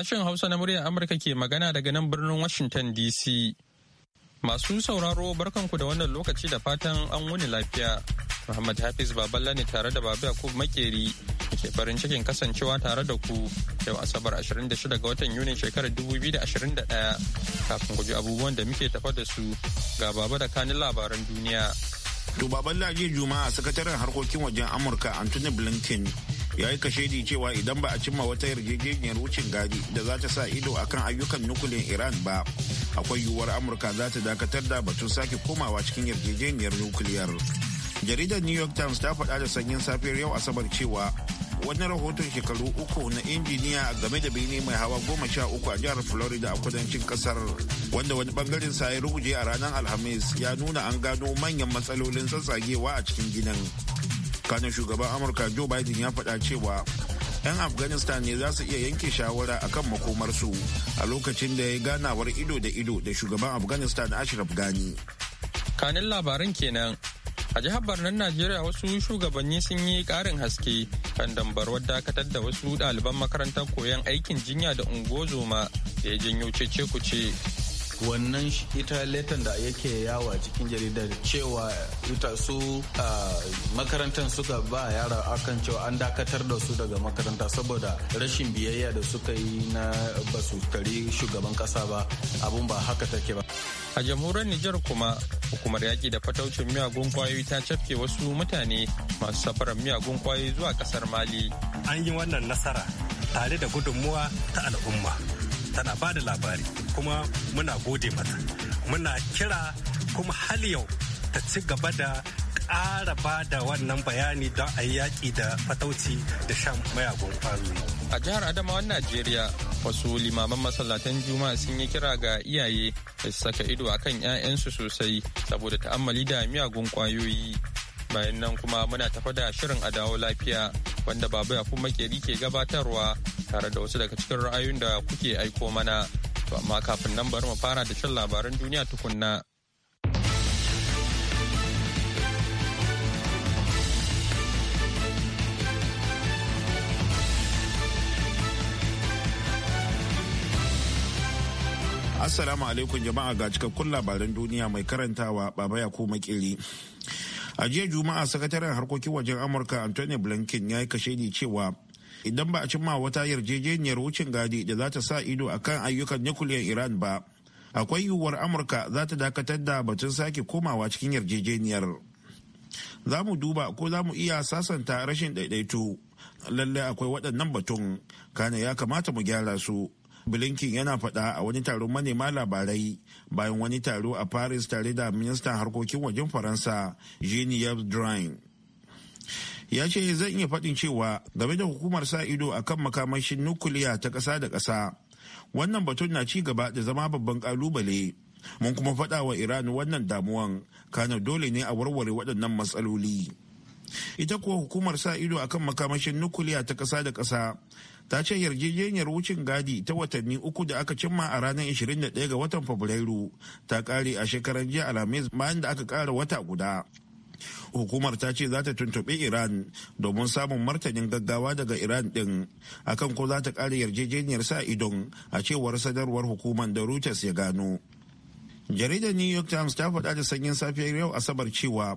Sashen Hausa na muryar Amurka ke magana daga nan birnin Washington DC. Masu sauraro barkanku da wannan lokaci da fatan an wuni lafiya. Muhammad Hafiz Baballa ne tare da Babu Yakub Makeri ke farin cikin kasancewa tare da ku yau Asabar 26 ga watan Yuni shekarar 2021 kafin ku ji abubuwan da muke tafa da su ga Baba da kanin labaran duniya. To Baballa jiya Juma'a sakataren harkokin wajen Amurka Anthony Blinken ya yi kashedi cewa idan ba a cimma wata yarjejeniyar wucin gadi da za ta sa ido akan ayyukan nukulin iran ba akwai yiwuwar amurka za ta dakatar da batun sake komawa cikin yarjejeniyar nukuliyar jaridar new york times ta faɗa da sanyin safiyar yau asabar cewa wani rahoton shekaru uku na injiniya a game da bene mai hawa goma sha uku a jihar florida a kudancin kasar wanda wani bangaren sa ya ruguje a ranar alhamis ya nuna an gano manyan matsalolin tsatsagewa a cikin ginin kanin shugaban amurka joe biden ya faɗa cewa 'yan afghanistan ne za su iya yanke shawara akan makomarsu a lokacin da ya ganawar ido da ido da shugaban afghanistan ashraf gani kanin labarin kenan a jihar barnan najeriya wasu shugabanni sun yi karin haske kan dambarwar dakatar da wasu ɗaliban makarantar koyon aikin jinya da ungozoma da ya janyo cece kuce wannan ita letan da yake yawa cikin jaridar cewa ita su makarantar suka ba yara akan cewa an dakatar da su daga makaranta saboda rashin biyayya da suka yi na basu kari shugaban kasa ba abun ba haka take ba a jamhuriyar Nijar kuma hukumar yaƙi da fataucin miyagun kwayoyi ta cafke wasu mutane masu safarar miyagun kwayoyi zuwa ƙasar Mali. An yi wannan nasara tare da gudunmuwa ta al'umma. tana ba da labari kuma muna gode mata muna kira kuma hal yau ta ci gaba da ƙara ba da wannan bayani don a yi yaƙi da fatauci da shan mayagun kwayoyi. A jihar Adamawan Najeriya, wasu limaman masallatan Juma'a sun yi kira ga iyaye da saka ido akan 'ya'yansu sosai saboda ta'ammali da miyagun kwayoyi. bayan nan kuma muna tafa da shirin a dawo lafiya wanda babu ya makeri ke gabatarwa tare da wasu daga cikin ra'ayoyin da kuke aiko mana to amma kafin nan bari mu fara da shan labaran duniya tukunna Assalamu alaikum jama'a ga cikakkun labaran duniya mai karantawa Baba Yakubu makeri. a jiya juma'a sakataren harkokin wajen amurka anthony blinken ya yi kashedi cewa idan ba a cimma wata yarjejeniyar wucin gadi da za ta sa ido akan ayyukan nukuliyar iran ba akwai yiwuwar amurka za ta dakatar da batun sake komawa cikin yarjejeniyar za mu duba ko za mu iya sasanta rashin daidaito lallai akwai waɗannan batun kana ya kamata mu gyara su blinken yana faɗa a wani taron manema labarai bayan wani taro a paris tare da ministan harkokin wajen faransa jean yves drian ya ce zan iya faɗin cewa game da hukumar sa ido a kan makamashin nukuliya ta ƙasa da ƙasa wannan batun na ci gaba da zama babban ƙalubale mun kuma faɗa wa iran wannan damuwan kana dole ne a warware waɗannan matsaloli ita kuwa hukumar sa ido akan makamashin nukuliya ta ƙasa da ƙasa ta ce yarjejeniyar wucin gadi ta watanni uku da aka cimma a ranar 21 ga watan fabrairu ta kare a shekaran jiya alhamis bayan da aka kara wata guda hukumar ta ce za ta tuntuɓi iran domin samun martanin gaggawa daga iran ɗin akan ko za ta kare yarjejeniyar sa idon a cewar sadarwar hukumar da reuters ya gano jaridar new york times ta faɗa da sanyin safiyar yau asabar cewa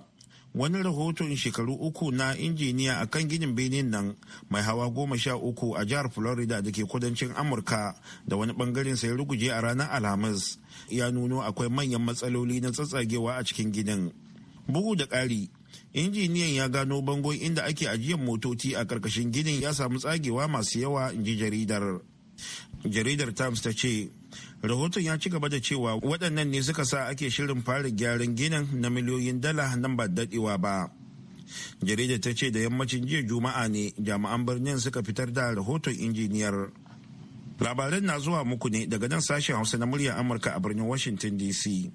wani rahoton shekaru uku na injiniya a kan ginin benin nan mai hawa goma sha uku a jihar florida da ke kudancin amurka da wani bangaren sai ruguje a ranar alhamis ya nuno akwai manyan matsaloli na tsatsagewa a cikin ginin bugu da ƙari injiniyan ya gano bangon inda ake ajiyar motoci a ƙarƙashin ginin ya samu tsagewa masu yawa in ji jaridar jaridar times ta ce rahoton ya ci gaba da cewa waɗannan ne suka sa ake shirin fara gyaran ginin na miliyoyin dala nan ba daɗewa ba jarida ta ce da yammacin jiya juma'a ne jami'an birnin suka fitar da rahoton injiniyar labaran na zuwa muku ne daga nan sashen hausa na muryar amurka a birnin washington dc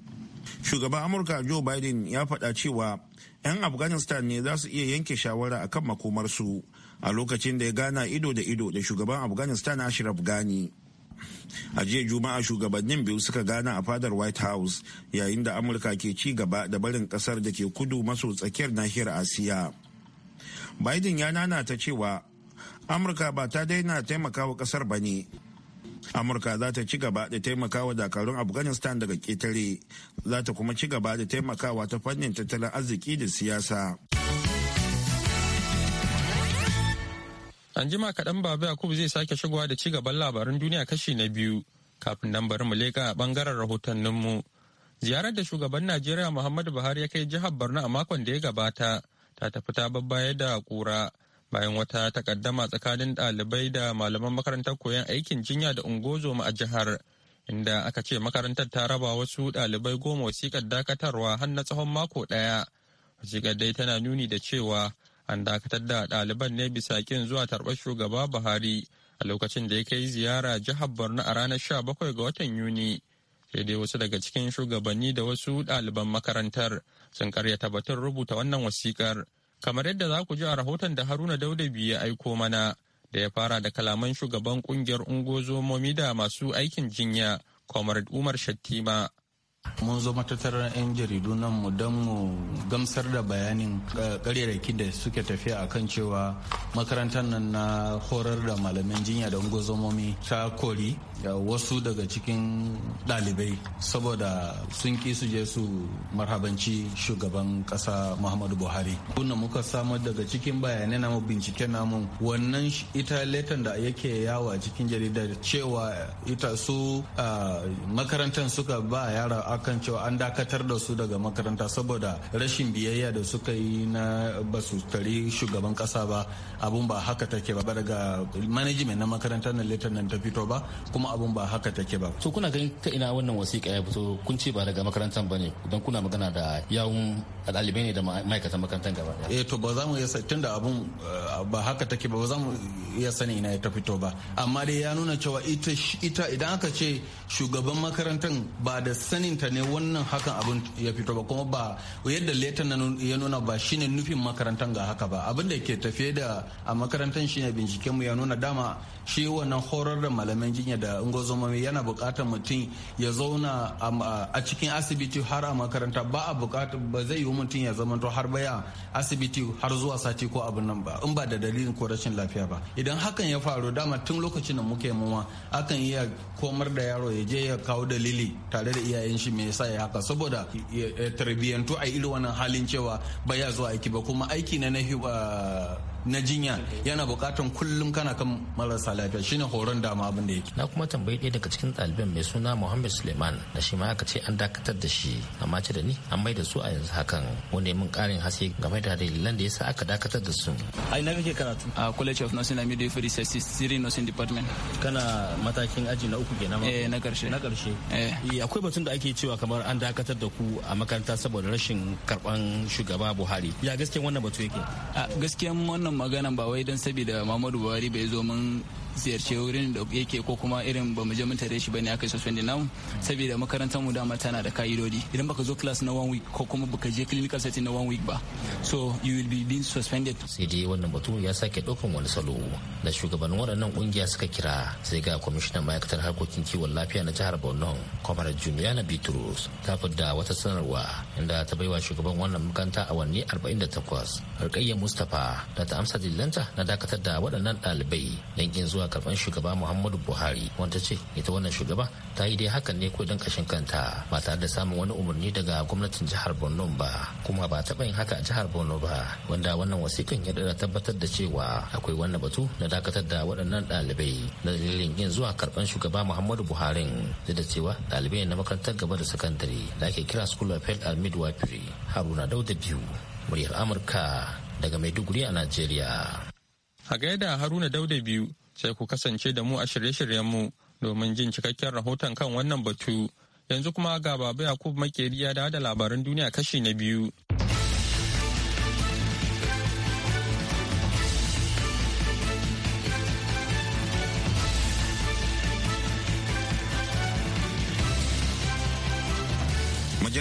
shugaban amurka joe biden ya faɗa cewa 'yan afghanistan ne za su iya yanke shawara akan makomarsu a lokacin da ya gana ido da ido da shugaban afghanistan ashraf ghani a jiya juma'a shugabannin biyu suka gana a fadar white house yayin da amurka ke ci gaba da barin kasar da ke kudu maso tsakiyar nahiyar asiya biden ya nana ta cewa amurka ba ta daina taimakawa kasar ba ne amurka za ta ci gaba da taimakawa dakarun afghanistan daga ketare za ta kuma ci gaba da taimakawa ta fannin tattalin arziki da siyasa An jima kaɗan Baba Yakubu zai sake shigowa da ci gaban labaran duniya kashi na biyu kafin nan bari mu leƙa a ɓangaren rahotanninmu. Ziyarar da shugaban Najeriya Muhammadu Buhari ya kai jihar Borno a makon da ya gabata ta tafi ta babbaye da kura bayan wata takaddama tsakanin ɗalibai da malaman makarantar koyon aikin jinya da ungozoma a jihar inda aka ce makarantar ta raba wasu ɗalibai goma wasiƙar dakatarwa har na tsawon mako ɗaya. Wasiƙar dai tana nuni da cewa an dakatar da ɗaliban ne bisa kin zuwa tarbar shugaba buhari a lokacin da ya kai ziyara jihar borno a ranar 17 ga watan yuni sai dai wasu daga cikin shugabanni da wasu ɗaliban makarantar sun karyata batun rubuta wannan wasikar kamar yadda za ku ji a rahoton da haruna daudabi ya aiko mana da ya fara da kalaman shugaban kungiyar ungozomomi da masu aikin jinya comrade umar shattima mun zo matattarar 'yan jaridu nan mu don mu gamsar da bayanin karyarki eh, da suke tafiya a kan cewa makarantar nan na horar da malamin jinya da gozomomi ta kori eh, wasu daga cikin ɗalibai saboda sun ki su je su marhabanci shugaban ƙasa muhammadu buhari kuna muka samar daga cikin bayanai namu bincike namu wannan ita letan da yake yawa cikin jaridar cewa ita su eh, makarantar suka ba yara akan cewa an dakatar da su daga makaranta saboda rashin biyayya da suka yi na basu tari shugaban kasa ba abun ba haka take ba daga management na makarantar nan letter nan ta fito ba kuma abun ba haka take ba so kuna ganin ka ina wannan wasiƙa ya fito kun ce ba daga makarantar bane don kuna magana da yawun dalibai ne da ma'aikatan makarantar gaba eh to ba za mu yasa tun da abun eh, ba haka take ba ba za mu iya sani ina ya fito ba amma dai ya nuna cewa ita idan aka ce shugaban makarantar ba da sanin nufinta ne wannan hakan abin ya fito ba kuma ba yadda leta ya nuna ba shine nufin makarantar ga haka ba abin da ke tafiye da a makarantar shine binciken mu ya nuna dama shi wannan horar da malaman jinya da ungozomomi yana bukatar mutum ya zauna a cikin asibiti har a makaranta ba a bukatar ba zai yi mutum ya zamanto har baya asibiti har zuwa sati ko abin nan ba in ba da dalilin ko rashin lafiya ba idan hakan ya faru dama tun lokacin da muke muwa akan iya komar da yaro ya je ya kawo dalili tare da iyayen shi me yasa ya haka saboda tarbiyyantu a irin wannan halin cewa baya zuwa aiki ba kuma aiki na na uh, na jinya yana bukatan kullum kana kan marasa lafiya shine horon dama abin da yake na kuma tambayi ɗaya daga cikin ɗaliban mai suna Muhammad Suleiman da shi ma aka ce an dakatar da shi amma ce da ni an mai da su a yanzu hakan wanda mun ƙarin haske game da dalilan da yasa aka dakatar da su ai na kake karatu a College of Nursing and Midwifery Services Siri Nursing Department kana matakin aji na uku kenan eh na karshe na karshe eh. eh akwai batun da ake cewa kamar an dakatar da ku a makaranta saboda rashin karban shugaba Buhari ya gaskiyan wannan batu yake a gaskiyan wannan magana ba wai don saboda Muhammadu Buhari bai zo mun ziyarce wurin da yake ko kuma irin ba mu je mun tare shi bane aka suspend namu saboda makarantar mu dama tana da ka'idodi idan baka zo class na one week ko kuma baka je clinical setting na one week ba so you will be being suspended sai dai wannan batu ya sake ɗaukan wani salo da shugaban waɗannan kungiya suka kira sai ga kwamishinan ma'aikatar harkokin kiwon lafiya na jihar Borno Kwamar Juliana Bitrus ta fidda wata sanarwa inda ta baiwa shugaban wannan makaranta awanni arba'in da 48 Rukayya Mustapha da ta amsa dillanta na dakatar da waɗannan ɗalibai don zuwa karban shugaba muhammadu buhari wanda ce ita wannan shugaba ta yi dai hakan ne ko dan kashin kanta ba tare da samun wani umarni daga gwamnatin jihar borno ba kuma ba taɓa yin haka a jihar borno ba wanda wannan wasikan ya dara tabbatar da cewa akwai wannan batu na dakatar da waɗannan ɗalibai na dalilin yin zuwa karban shugaba muhammadu buhari duk da cewa ɗalibai na makarantar gaba da sakandare da ake kira school of health and midwifery haruna dauda biyu muryar amurka daga maiduguri a najeriya a gaida haruna dauda biyu sai ku kasance da mu a shirye mu domin jin cikakken rahoton kan wannan batu. Yanzu kuma ga Baba yakubu Makeri ya dawo da labaran duniya kashi na biyu.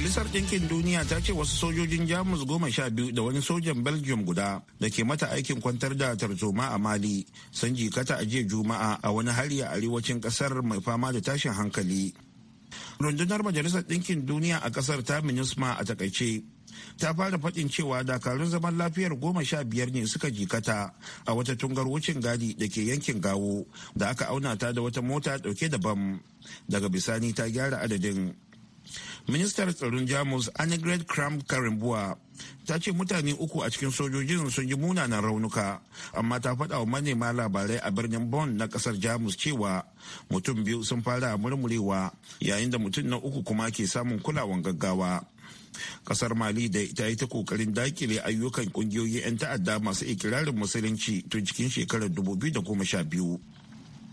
majalisar ɗinkin duniya ta ce wasu sojojin jamus goma sha biyu da wani sojan belgium guda da ke mata aikin kwantar da tarzoma a mali sun jikata a jiya juma'a a wani hari a arewacin ƙasar mai fama da tashin hankali rundunar majalisar ɗinkin duniya a ƙasar ta minisma a takaice ta fara faɗin cewa dakarun zaman lafiyar goma sha biyar ne suka jikata a wata tungar wucin gadi da ke yankin gawo da aka auna ta da wata mota ɗauke da bam daga bisani ta gyara adadin ministar tsaron jamus annegret kram karimbuwa ta ce mutane uku a cikin sojojin sun yi munanan raunuka amma ta faɗa wa manema labarai a birnin bonn na ƙasar jamus cewa mutum biyu sun fara murmurewa yayin da mutum na uku kuma ke samun kulawan gaggawa kasar mali da ta yi ta kokarin dakile ayyukan kungiyoyi 'yan ta'adda masu ikirarin musulunci tun cikin shekarar 2012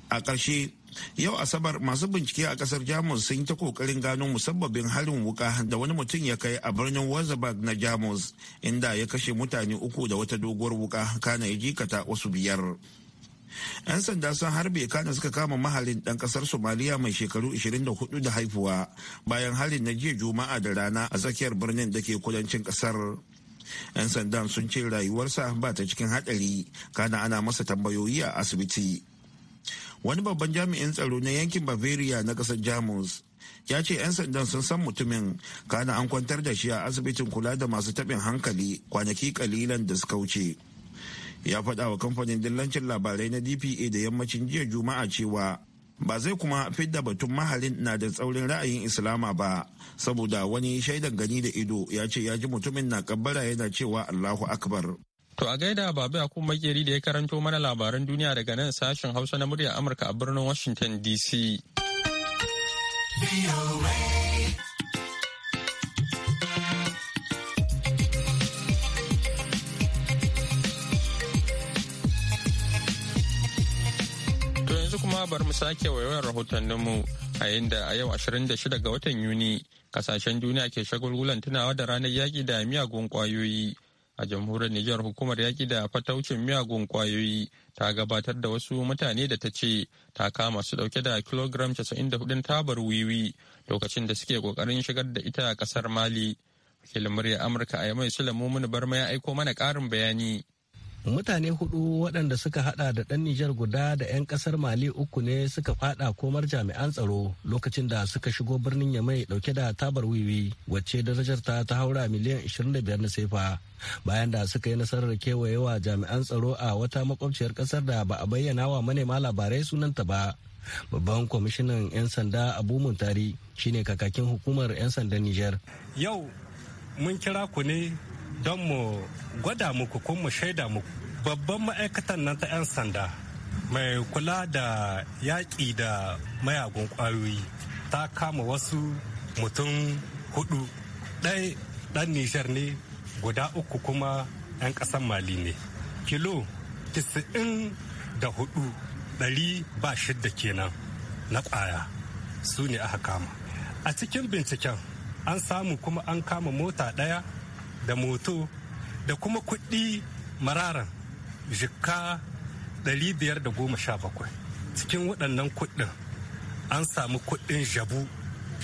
a ƙarshe yau asabar masu bincike a kasar jamus sun yi ta kokarin gano musabbabin harin wuka da wani mutum ya kai a birnin wazabag na jamus inda ya kashe mutane uku da wata doguwar wuka kana ya jikata wasu biyar 'yan sanda sun harbe kana suka kama mahalin ɗan ƙasar somaliya mai shekaru 24 da haifuwa bayan halin na jiya juma'a da rana a tsakiyar birnin da ke kudancin ƙasar 'yan sandan sun ce rayuwarsa ba ta cikin haɗari kana ana masa tambayoyi a asibiti wani babban jami'in tsaro na yankin bavaria na kasar jamus ya ce 'yan sandan sun san mutumin kana an kwantar da shi a asibitin kula da masu tabin hankali kwanaki kalilan da suka wuce ya faɗa wa kamfanin dillancin labarai na dpa da yammacin jiya juma'a cewa ba zai kuma fidda batun mahalin na da tsaurin ra'ayin islama ba saboda wani shaidan gani da ido ya ce ya ji mutumin na kabbara yana cewa allahu akbar To a gaida Baba Yakub Makeri da ya karanto mana labaran duniya daga nan sashen Hausa na muryar Amurka a birnin Washington DC. To yanzu kuma bar mu sake waiwayar rahotanninmu a yadda a yau 26 ga watan Yuni kasashen duniya ke shagulgulan tunawa da ranar yaƙi da miyagun ƙwayoyi. a jamhuriyar Nijar hukumar yaƙi da fataucin miyagun kwayoyi ta gabatar da wasu mutane da ta ce ta kama su ɗauke da kilogram 94 tabar wiwi lokacin da suke ƙoƙarin shigar da ita ƙasar Mali. Wakilin murya Amurka a Yamai Sulaimu Mumunu Barma ya aiko mana ƙarin bayani. mutane hudu waɗanda suka hada da ɗan Nijar guda da 'yan ƙasar Mali uku ne suka fada komar jami'an tsaro lokacin da suka shigo birnin Yamai ɗauke da tabar wiwi wacce darajar ta ta haura miliyan 25 na sefa bayan da suka yi nasarar kewayewa jami'an tsaro a wata makwabciyar ƙasar da ba a bayyana wa manema labarai sunanta ba. Babban kwamishinan 'yan sanda Abu Muntari shine kakakin hukumar 'yan sandan Nijar. Yau mun kira ku ne don mu gwada muku ko mu shaida muku babban ma'aikatan nan ta 'yan sanda mai kula da yaƙi da mayagun ƙwayoyi ta kama wasu mutum hudu ɗai ɗan nijar ne guda uku kuma 'yan ƙasan mali ne kilo 94,600 kenan na ƙwaya su ne aka kama a cikin binciken an samu kuma an kama mota ɗaya da moto da kuma kuɗi mararan jikka 517 cikin waɗannan kuɗin an samu kuɗin jabu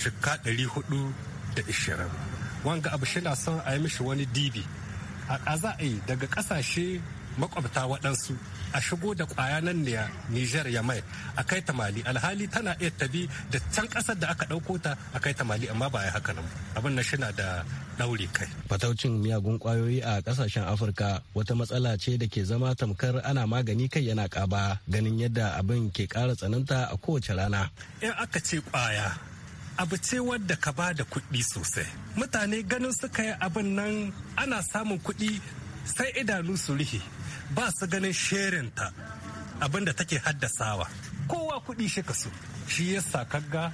jikka 420 wanga abu shi na son a yi mishi wani dibi a za a yi daga ƙasashe makwabta waɗansu a shigo da kwaya nan ne Niger ya mai a kai ta Mali alhali tana iya tabi da can kasar da aka dauko ta a kai ta Mali amma ba a yi haka nan abin na shina da daure kai fataucin miyagun kwayoyi a kasashen Afirka wata matsala ce da ke zama tamkar ana magani kai yana kaba ganin yadda abin ke kara tsananta a kowace rana in aka ce kwaya abu ce wadda ka ba da kuɗi sosai mutane ganin suka yi abin nan ana samun kuɗi sai idanu su rihe ba su ganin sherinta abinda take haddasawa kowa kuɗi shi shi yasa kaga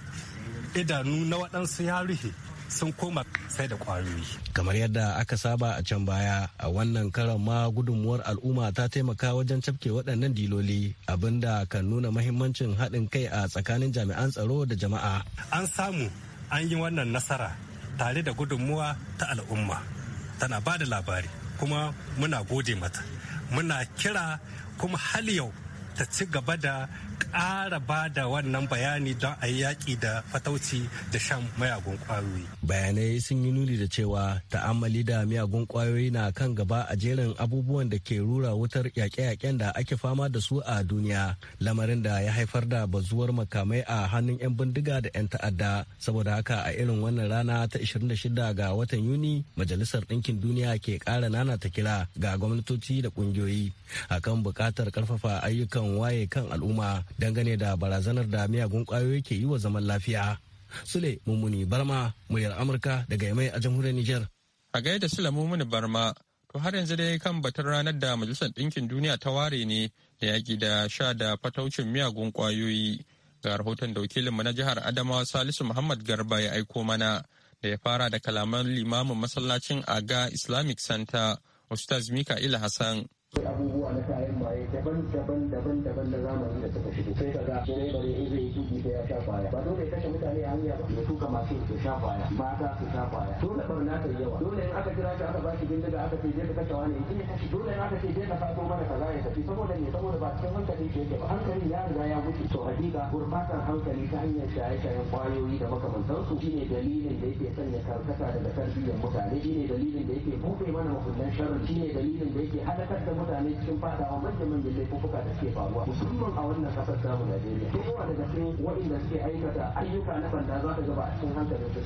idanu na waɗansu ya rihe sun koma sai da kwayoyi. Kamar yadda aka saba a can baya a wannan karan ma gudunmuwar al'umma ta taimaka wajen cafke waɗannan diloli abinda kan nuna mahimmancin haɗin kai a tsakanin jami'an tsaro da jama'a. An samu an yi wannan nasara tare da gudunmuwa ta al'umma tana ba da labari. kuma muna gode mata muna kira kuma hal yau ta ci gaba da ƙara ba da wannan bayani don a yi yaƙi da fatauci da shan mayagun ƙwayoyi. Bayanai sun yi nuni da cewa ta'ammali da miyagun ƙwayoyi na kan gaba a jerin abubuwan da ke rura wutar yaƙe-yaƙen da ake fama da su a duniya, lamarin da ya haifar da bazuwar makamai a hannun 'yan bindiga da 'yan ta'adda. Saboda haka a irin wannan rana ta 26 ga watan Yuni, Majalisar Ɗinkin Duniya ke ƙara nana ta kira ga gwamnatoci da ƙungiyoyi akan buƙatar ƙarfafa ayyukan waye kan al'umma dangane da barazanar da miyagun kwayoyi ke yi wa zaman lafiya. Sule Mummuni Barma, muryar Amurka daga Yamai a jamhuriyar Nijar. A gaida Sule Mummuni Barma, to har yanzu dai kan batun ranar da Majalisar Ɗinkin Duniya ta ware ne da yaƙi da sha da fataucin miyagun kwayoyi. Ga rahoton da wakilinmu na jihar Adamawa Salisu Muhammad Garba ya aiko mana da ya fara da kalaman limamin masallacin Aga Islamic Center, Ustaz Mika'il Hassan. Abubuwa na kayan maye daban-daban daban-daban na zamani Take a back to anybody who's sha kwaya mata su sha kwaya dole barna ta yawa dole in aka kira shi aka baki bindiga aka ce je ka kashe wani in dole in aka ce je ka fato mana kaza ya tafi saboda me saboda ba cikin hankali ke yake ba hankali ya riga ya mutu to hakika gurbatar hankali ta hanyar shaye-shayen kwayoyi da makamantansu shine dalilin da yake sanya karkata daga tarbiyyar mutane shine dalilin da yake buɗe mana makullan sharri shine dalilin da yake halakar da mutane cikin fadawa manya-manyan laifuka da suke faruwa musamman a wannan kasar samu Najeriya. Kowa daga cikin waɗanda suke aikata ayyuka na banda za ka gaba a cikin hankalin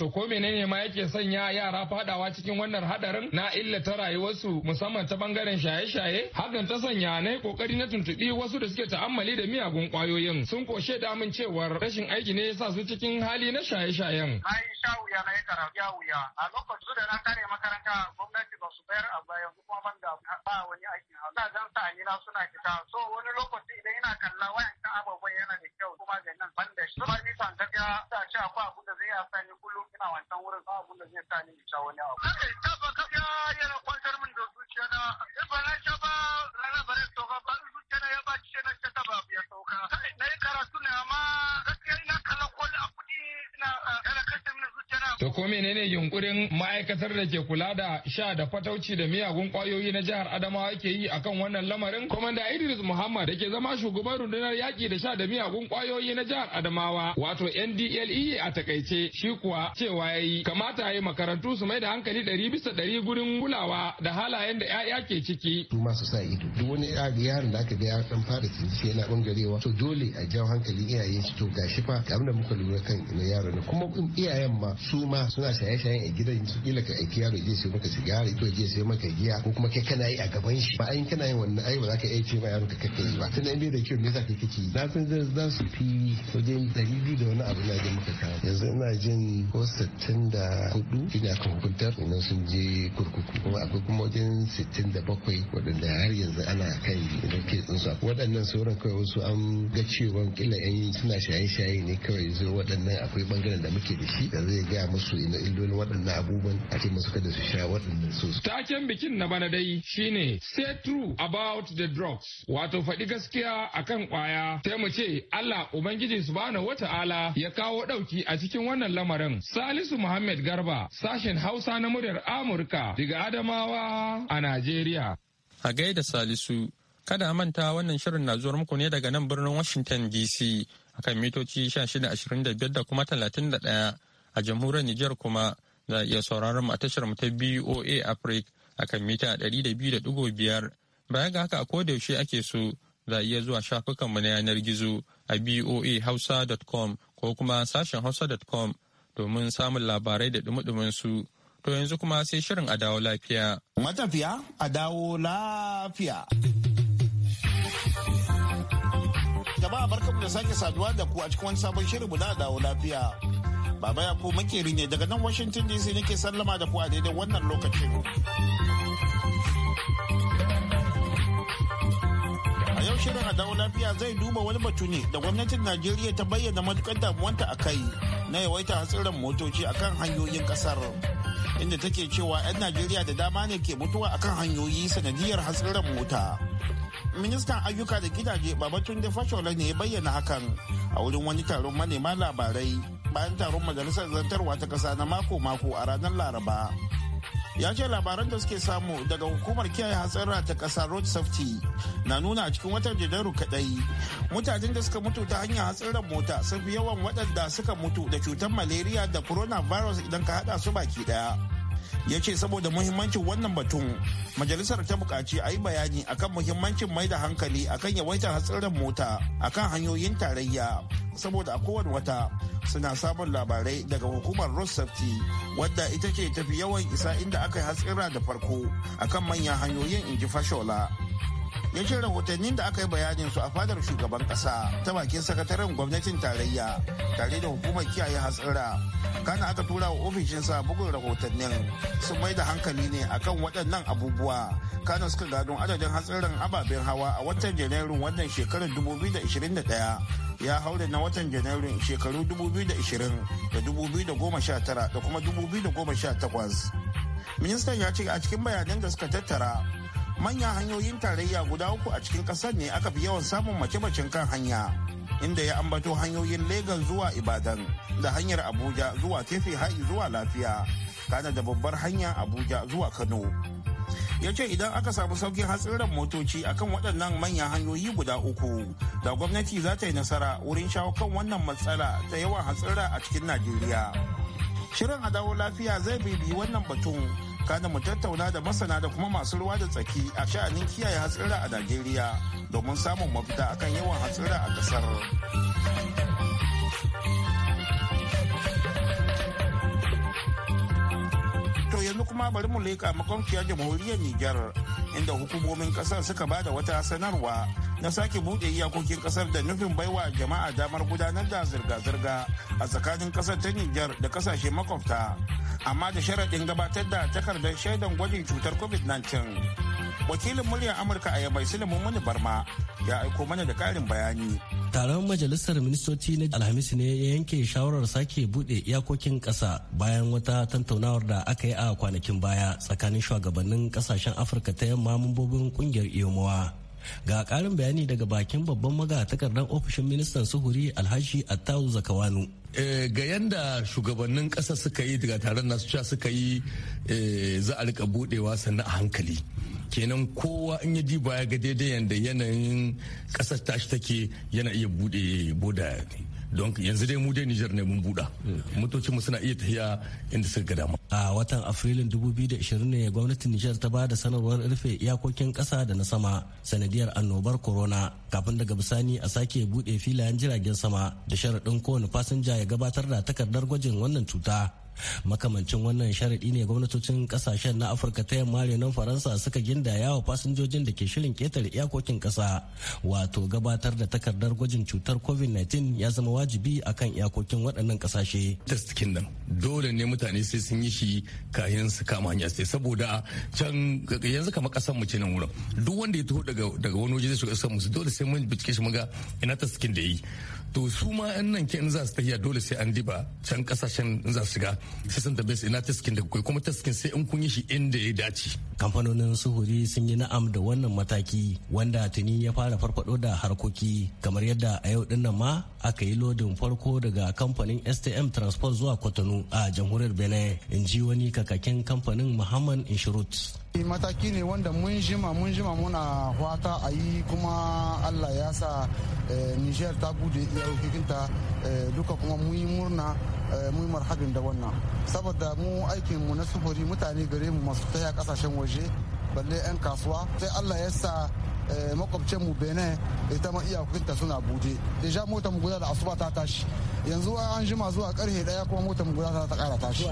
To ko menene ma yake sanya yara fadawa cikin wannan hadarin na illata rayuwarsu musamman ta bangaren shaye-shaye? Hakan ta sanya na kokari na tuntuɓi wasu da suke ta'ammali da miyagun kwayoyin sun koshe damun cewar rashin aiki ne yasa su cikin hali na shaye-shayen. nayi karatu a lokacin da na kare makaranta gwamnati ba su bayar a bayan kuma ban da ba wani aiki na zan sa na suna fita so wani lokaci idan yana kalla wayan abubuwan yana da kyau kuma ga nan ban da shi. bisan gaskiya a ce akwai abu da zai sa ni kullum ina wancan wurin ba abun da zai sa ni in wani abu. Haka ita ba gaskiya yana kwantar min da zuciya na ya eh, ba na ko menene yunkurin ma'aikatar da ke kula da sha da fatauci da miyagun kwayoyi na jihar Adamawa ke yi akan wannan lamarin? Komanda Idris Muhammad da ke zama shugaban rundunar yaki da sha da miyagun kwayoyi na jihar Adamawa wato NDLE a takaice shi kuwa cewa ya yi kamata ya yi makarantu su mai da hankali ɗari bisa ɗari gurin kulawa da halayen da 'ya'ya ke ciki. Su masu sa ido duk wani yaron da aka ga ya dan fara tsinci yana bangarewa to dole a jawo hankalin iyayen shi to gashi fa abin da muka lura kan yaron kuma iyayen ma su ma suna shaye-shayen a gidan su kila ka aiki yaro je sai maka sigari ko je sai maka giya ko kuma kai kana yi a gaban shi ba ayin kana yin wannan ai ba za ka iya ce ma yaro ka kake yi ba tunda in bai da kyau me yasa ka kake yi na zai za su fi wajen dari biyu da wani abu na je muka kawo yanzu ina jin ko sittin da hudu ina kan hukuntar ina sun je kurkuku kuma akwai kuma wajen sittin da bakwai waɗanda har yanzu ana kan yi. idan ke tsinsu waɗannan sauran kawai wasu an ga cewa kila yan suna shaye-shaye ne kawai zo waɗannan akwai bangaren da muke da shi da zai gaya musu musu ina illolin waɗannan abubuwan a musu kada su sha waɗannan su. Taken bikin na bana dai shine say true about the drugs wato faɗi gaskiya akan kwaya sai mu ce Allah Ubangiji wata ala ya kawo ɗauki a cikin wannan lamarin. Salisu Muhammad Garba sashen Hausa na muryar Amurka daga Adamawa a Najeriya. A gaida Salisu kada manta wannan shirin na zuwa muku ne daga nan birnin Washington DC akan mitoci 1625 da kuma 31 a jamhuriyar Nijar kuma za a iya sauraron mu a tashar mu ta BOA Africa a kan mita ɗari da da biyar bayan ga haka a koda yaushe ake so za a iya zuwa shafukanmu na yanar gizo a hausa boahausa.com ko kuma sashen hausa.com domin samun labarai da dumudumin su to yanzu kuma sai shirin a dawo lafiya matafiya a dawo lafiya jama'a barkamu da sake saduwa da ku a cikin wani sabon shirin mu na dawo lafiya Baba ya ko makeri ne daga nan Washington DC nake sallama da ku a daidai wannan lokacin. A yau shirin a dawo lafiya zai duba wani batu ne da gwamnatin Najeriya ta bayyana matukar damuwanta a kai na yawaita hatsarin motoci akan hanyoyin kasar. Inda take cewa 'yan Najeriya da dama ne ke mutuwa akan hanyoyi sanadiyar hatsarin mota. ministan ayyuka da gidaje babatun da fashola ne ya bayyana hakan a wurin wani taron manema labarai bayan taron majalisar zantarwa ta kasa na mako-mako a ranar laraba ya ce labaran da suke samu daga hukumar kiyaye hatsarra ta kasa road safety na nuna a cikin watan janairu kadai mutanen da suka mutu ta hanyar hatsarin mota sun fi yawan waɗanda suka mutu da cutar malaria da coronavirus idan ka hada su baki ɗaya ya ce saboda muhimmancin wannan batun majalisar ta buƙaci a yi bayani akan muhimmancin mai da hankali akan yawaitar hatsarin mota akan hanyoyin tarayya saboda a kowane wata suna sabon labarai daga hukumar safety wadda ita ce tafi yawan isa inda aka yi hatsira da farko akan manyan hanyoyin inji fashola ya ce rahotannin da aka yi bayanin su a fadar shugaban kasa ta bakin sakataren gwamnatin tarayya tare da hukumar kiyaye hatsara kana aka tura wa ofishinsa bugun rahotannin sun mai da hankali ne akan waɗannan abubuwa kana suka gano adadin hatsarin ababen hawa a watan janairun wannan shekarar 2021 ya da na watan janairun shekaru 2020 da 2019 da kuma 2018 ministan ya ce a cikin bayanan da suka tattara manyan hanyoyin tarayya guda uku a cikin kasar ne aka fi yawan samun mace-macen kan hanya inda ya ambato hanyoyin legas zuwa ibadan da hanyar abuja zuwa tefe ha'i zuwa lafiya kana da babbar hanya abuja zuwa kano ya ce idan aka samu saukin hatsirar motoci akan waɗannan manyan hanyoyi guda uku da gwamnati za ta yi nasara wurin shawo kan wannan matsala ta yawan hatsira a cikin najeriya shirin a dawo lafiya zai bibiyi wannan batun kana mu tattauna da masana da kuma masu ruwa da tsaki a sha'anin kiyaye hatsira a najeriya domin samun mafita akan yawan hatsira a kasar to yanzu kuma bari mu leƙa makwamciyar jamhuriyar Nijar. inda hukumomin kasar suka ba da wata sanarwa na sake bude iyakokin kasar da nufin baiwa jama'a damar gudanar da zirga-zirga a tsakanin kasar ta Nijar da kasashe makwabta amma da sharaɗin gabatar da takardar shaidan gwajin cutar covid-19 wakilin muryar amurka a yabai silimin muni barma ya aiko mana da ƙarin bayani taron majalisar ministoci na alhamis ne ya yanke shawarar sake bude iyakokin ƙasa bayan wata tantaunawar da aka yi a kwanakin baya tsakanin shugabannin kasashen afirka ta yamma mambobin kungiyar iyomowa ga karin bayani daga bakin babban magatakardar ofishin ministan suhuri alhaji attahu zakawanu eh, ga yanda shugabannin ƙasa suka yi daga taron nasu suka yi eh, za a rika budewa sannan a hankali kenan kowa in ya ji ya ga daidai yadda yanayin kasar tashi take yana iya bude boda don yanzu dai mu dai Nijar ne mun buda Motoci mu suna iya tafiya inda suka ga dama. A watan Afrilun 2020 ne gwamnatin Nijar ta bada sanarwar rufe iyakokin ƙasa da na sama sanadiyar annobar corona kafin daga bisani a sake bude filayen jiragen sama da sharaɗin kowane fasinja ya gabatar da takardar gwajin wannan cuta makamancin wannan sharaɗi ne gwamnatocin kasashen na afirka ta yamma renon faransa suka gindaya wa fasinjojin da ke shirin ketare iyakokin ƙasa wato gabatar da takardar gwajin cutar covid-19 ya zama wajibi akan iyakokin waɗannan ƙasashe testikin nan dole ne mutane sai sun yi shi kayan su kama hanya sai saboda can yanzu kamar ƙasar mu ce nan wurin duk wanda ya taho daga wani waje zai shiga ƙasar mu dole sai mun bincike shi muga ina testikin da yi to su ma yan nan ke in za su tafiya dole sai an diba can kasashen in za su shiga sai sun tabbai ina taskin da kai kuma taskin sai in kun yi shi inda ya dace kamfanonin suhuri sun yi na'am da wannan mataki wanda tuni ya fara farfado da harkoki kamar yadda a yau dinnan ma aka yi lodin farko daga kamfanin stm transport zuwa kotonu a jamhuriyar benin in ji wani kakakin kamfanin muhammad inshurut Eh, mataki ne wanda mun jima mun jima muna fata a yi kuma allah ya sa eh, niger ta bude iyakokinta eh, duka kuma mun yi murna mun marhabin da wannan saboda mu aikin mu na sufuri mutane gare mu masu taya kasashen waje balle 'yan kasuwa sai allah ya sa makwabcin mu benin ita ma iyakokinta suna bude deja mota mu guda da asuba ta tashi yanzu an jima zuwa karhe daya kuma mota mu guda ta kara tashi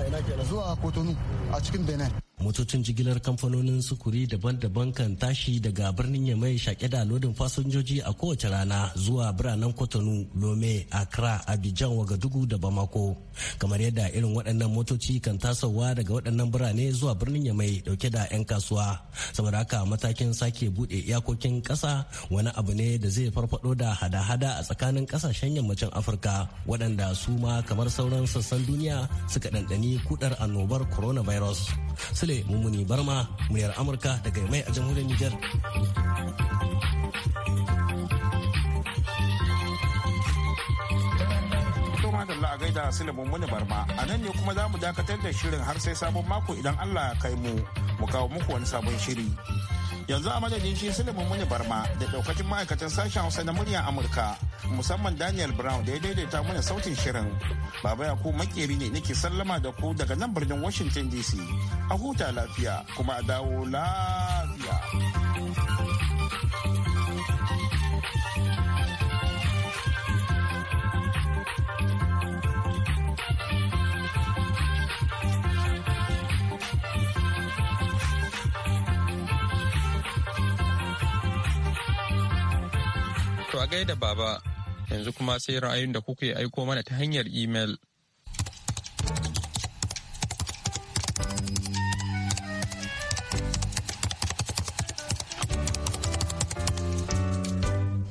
zuwa kotonu a cikin bene. motocin jigilar kamfanonin sukuri daban-daban kan tashi daga birnin yamai shaƙe da lodin fasinjoji a kowace rana zuwa biranen kotonu lome accra abidjan wagadugu da bamako kamar yadda irin waɗannan motoci kan tasowa daga waɗannan birane zuwa birnin yamai ɗauke da 'yan kasuwa saboda haka matakin sake buɗe iyakokin ƙasa wani abu ne da zai farfaɗo da hada-hada a tsakanin ƙasashen yammacin afirka waɗanda su ma kamar sauran sassan duniya suka ɗanɗani kudar annobar coronavirus. Sule Mumuni Barma muryar Amurka daga mai a jamhuriyar Nijar. Allah a gaida Sule Mumuni Barma a nan ne kuma za mu dakatar da shirin har sai sabon mako idan Allah ya kai mu mu kawo muku wani sabon shiri. yanzu a madadin shi silimin muni barma da daukacin ma'aikatan sashen hausa na muryar amurka musamman daniel brown da ya daidaita mana sautin shirin baba ku makeri ne nake sallama da ku daga nan birnin washington dc a huta lafiya kuma a dawo lafiya a gaida baba yanzu kuma sai ra'ayin da kuke aiko mana ta hanyar imel.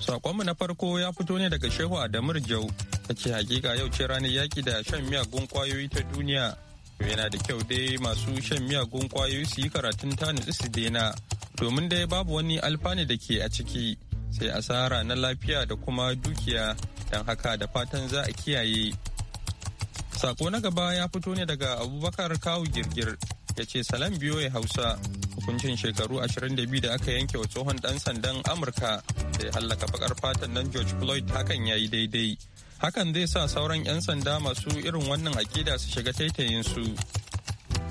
Sakonmu na farko ya fito ne daga Shehu Adamur Jau, ta ce hakika yau ce ranar yaƙi da shan miyagun kwayoyi ta duniya. Yana da kyau dai masu shan miyagun kwayoyi su yi karatun ta nutsu su daina, domin dai babu wani alfani da ke a ciki. sai asara na lafiya da kuma dukiya don haka da fatan za a kiyaye. Sako na gaba ya fito ne daga Abubakar Kawu Girgir ya ce salam biyo ya hausa hukuncin shekaru 22 da aka yanke wa tsohon dan sandan Amurka da ya hallaka bakar fatan nan George Floyd hakan ya yi daidai. Hakan zai sa sauran 'yan sanda masu irin wannan akida su shiga taitayin su.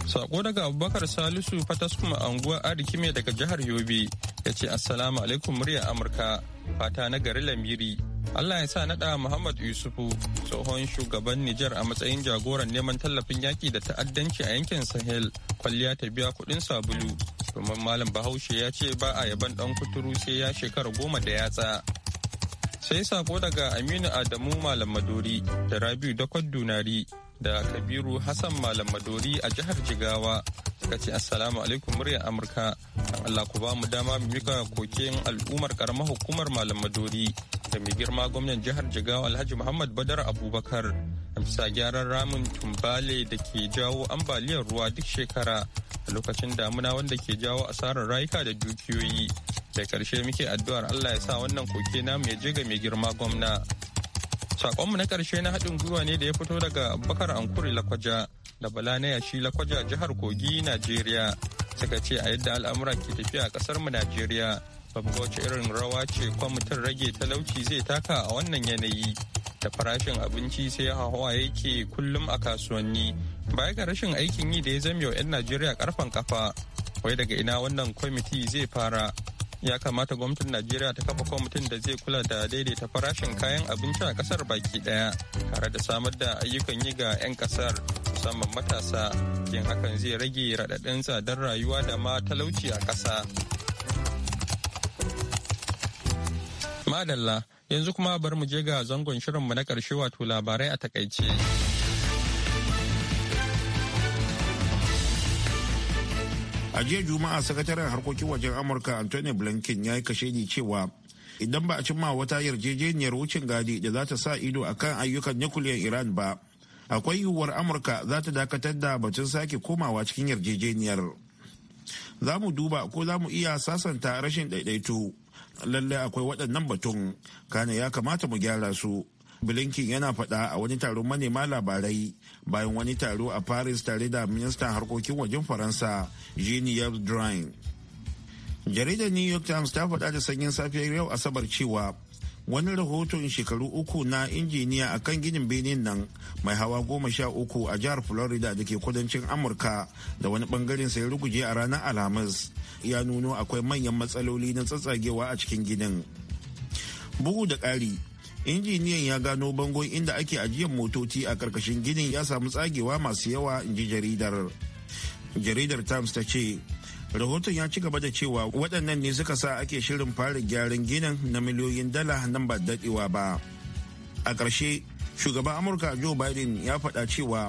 Sako daga Abubakar Salisu Fataskuma anguwar Arikime daga jihar Yobe ya ce Assalamu alaikum murya Amurka fata na gari Lamiri. Allah ya sa naɗa Muhammad Yusufu tsohon shugaban Nijar a matsayin jagoran neman tallafin yaƙi da ta'addanci a yankin Sahel kwalliya ta biya kuɗin sabulu. Domin Malam Bahaushe ya ce ba a yaban ɗan kuturu sai ya shekara goma da yatsa. Sai sako daga Aminu Adamu Malam Maduri da Rabiu da Dunari da Kabiru Hassan Malam Madori a jihar Jigawa suka ce Assalamu alaikum muryar Amurka. Allah ku ba mu dama mu mika koken al'ummar karamar hukumar Malam Madori da mai girma gwamnan jihar Jigawa Alhaji Muhammad Badar Abubakar. a bisa gyaran ramin tumbale da ke jawo ambaliyar ruwa duk shekara a lokacin damuna wanda ke jawo asarar rayuka da dukiyoyi da karshe muke addu'ar allah ya sa wannan koke namu ya je ga mai girma gwamna Sakonmu na karshe na haɗin gwiwa ne da ya fito daga bakar Ankuri Lakwaja da Bala na yashi Lakwaja jihar Kogi, Najeriya. Suka ce a yadda al'amuran ke tafiya a mu Najeriya. Babu wace irin rawa ce kwamitin rage talauci zai taka a wannan yanayi. Da farashin abinci sai hawa yake kullum a kasuwanni. Baya ga rashin aikin yi da ya zame wa 'yan Najeriya karfan kafa. Wai daga ina wannan kwamiti zai fara ya kamata gwamnatin najeriya ta kafa kwamitin da zai kula da daidaita farashin kayan abinci a kasar baki daya tare da samar da ayyukan yi ga 'yan kasar musamman matasa yin hakan zai rage radadin tsadar rayuwa da ma talauci a kasa. madalla yanzu kuma bar mu je ga zangon shirinmu na karshe wato labarai a takaice. a jiya juma'a sakataren harkokin wajen amurka anthony blinken ya yi kashedi cewa idan ba a cimma wata yarjejeniyar wucin gadi da za ta sa ido a kan ayyukan nukuliyar iran ba akwai yiwuwar amurka za ta dakatar da batun sake komawa cikin yarjejeniyar za mu duba ko za mu iya sasanta rashin daidaito lallai akwai waɗannan batun kane ya kamata mu gyara su blinken yana faɗa a wani taron manema labarai bayan wani taro a paris tare da ministan harkokin wajen faransa jean yves jaridar new york times ta faɗa da sanyin safiyar yau asabar cewa wani rahoton shekaru uku na injiniya a kan ginin benin nan mai hawa goma sha uku a jihar florida da ke kudancin amurka da wani bangaren sai ruguje a ranar alhamis ya nuno akwai manyan matsaloli na tsatsagewa a cikin ginin bugu da ƙari injiniyan ya gano bangon inda ake ajiyar motoci a karkashin ginin ya samu tsagewa masu yawa in ji jaridar jaridar times ta ce rahoton ya ci gaba da cewa waɗannan ne suka sa ake shirin fara gyaran ginin na miliyoyin dala nan ba daɗewa ba a ƙarshe shugaban amurka joe biden ya faɗa cewa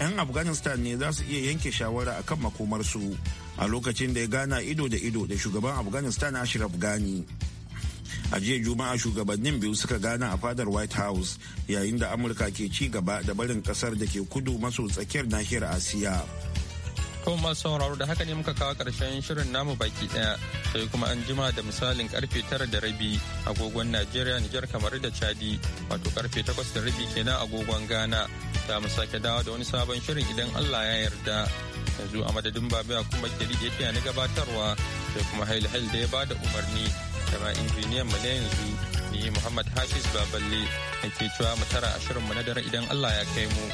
'yan afghanistan ne za su iya yanke shawara akan makomarsu a lokacin da ya gana ido da ido da shugaban afghanistan ashraf ghani a jiya juma'a shugabannin biyu suka gana a fadar white house yayin da amurka ke ci gaba da barin kasar da ke kudu maso tsakiyar nahiyar asiya kuma masu sauraro da haka ne muka kawo karshen shirin namu baki daya sai kuma an jima da misalin karfe tara da rabi agogon najeriya nijar kamar da chadi wato karfe takwas da rabi kenan agogon ghana ta mu sake dawo da wani sabon shirin idan allah ya yarda yanzu a madadin babu ya kuma kiri na gabatarwa sai kuma hail hail da ya bada umarni da injiniyan mu na yanzu ni Muhammad Hafiz Baballe ake cewa mu tara shirin mu na dare idan Allah ya kai mu.